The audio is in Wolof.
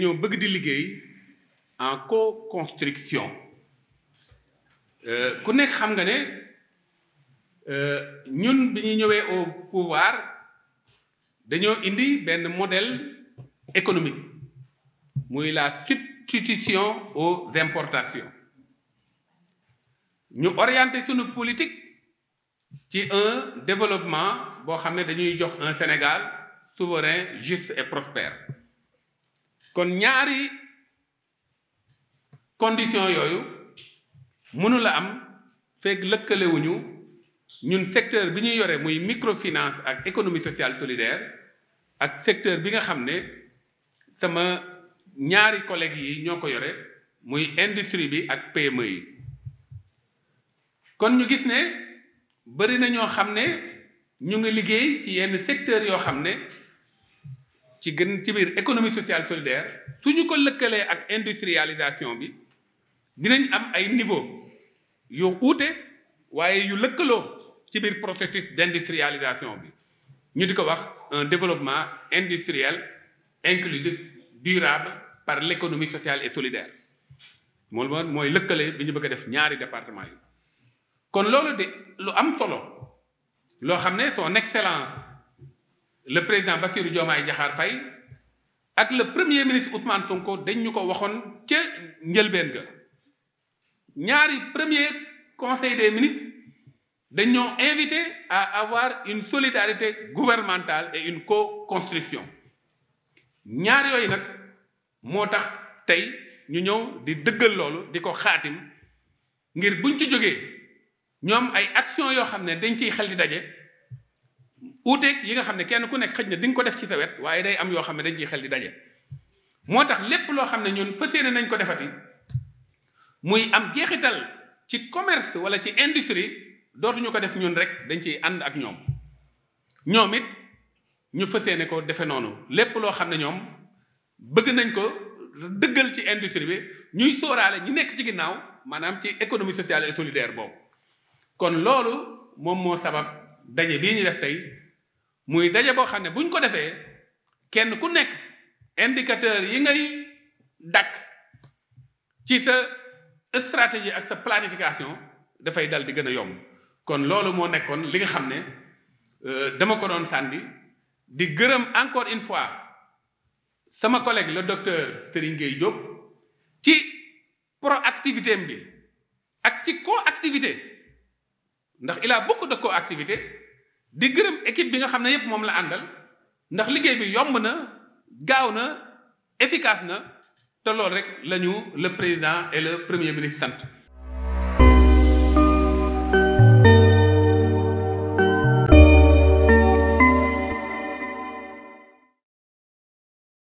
Nous bëgg di liggéey en co-construction Nous euh, nekk xam nga ne euh, au pouvoir dañoo indi un modèle économique muy la substitution aux importations Nous orientons notre politique ci un développement boo xam nous dañuy un Sénégal souverain juste et prospère kon ñaari condition yooyu mënula am fekk lëkkalewuñu ñun secteur bi ñu yore muy microfinance ak économie sociale solidaire ak secteur bi nga xam ne sama ñaari collègues yi ñoo ko yore muy industrie bi ak PME yi kon ñu gis ne bëri na ñoo xam ne ñu nga liggéey ci yenn secteur yoo xam ne ci gën ci biir économie sociale solidaire si nous ko lëkkalee ak industrialisation bi dinañ am ay niveau yu uute waaye yu lëkkaloo ci biir processus d'industrialisation bi ñu di wax un développement industriel inclusif durable par l'économie sociale et solidaire C'est mooy lëkkale bi ñu bëgg a def ñaari département yi kon loolu de lu am solo loo xam ne son excellence le président Bassirou Diomaye Diakhar Faye ak le premier ministre Ousmane Sonko dañ ñu ko waxoon ca njëlbeen ga ñaari premier conseil des ministres dañ ñoo invité à avoir une solidarité gouvernementale et une co-construction ñaar yooyu nag moo tax tey ñu ñëw di dëggal loolu di ko xaatim ngir buñ ci jógee ñoom ay action yoo xam ne dañ ciy xel uuteeg yi nga xam ne kenn ku nekk xëj na di ko def ci sa waaye day am yoo xam ne dañ ciy xel di daje moo tax lépp loo xam ne ñun fas yéene nañ ko defati muy am jeexital ci commerce wala ci industrie dootuñu ko def ñun rek dañ ciy ànd ak ñoom ñoom it ñu fas yéene ko defe noonu lépp loo xam ne ñoom bëgg nañ ko dëggal ci industrie bi ñuy sóoraale ñu nekk ci ginnaaw maanaam ci économie sociale et solidaire boobu kon loolu moom moo sabab daje bii ñu def tey muy daje boo xam ne buñ ko defee kenn ku nekk indicateur yi ngay dàq ci sa stratégie ak sa planification dafay dal di gën a yomb kon loolu moo nekkoon li nga xam ne euh, dama ko doon sànni di gërëm encore une fois sama collègue la docteur Serigne Gueye Diop ci proactivité bi ak ci coactivité ndax il a beaucoup de coactivité di gërëm équipe bi nga xam ne yépp moom la àndal ndax liggéey bi yomb na gaaw na efficace na te loolu rek la ñu le président et le premier ministre sant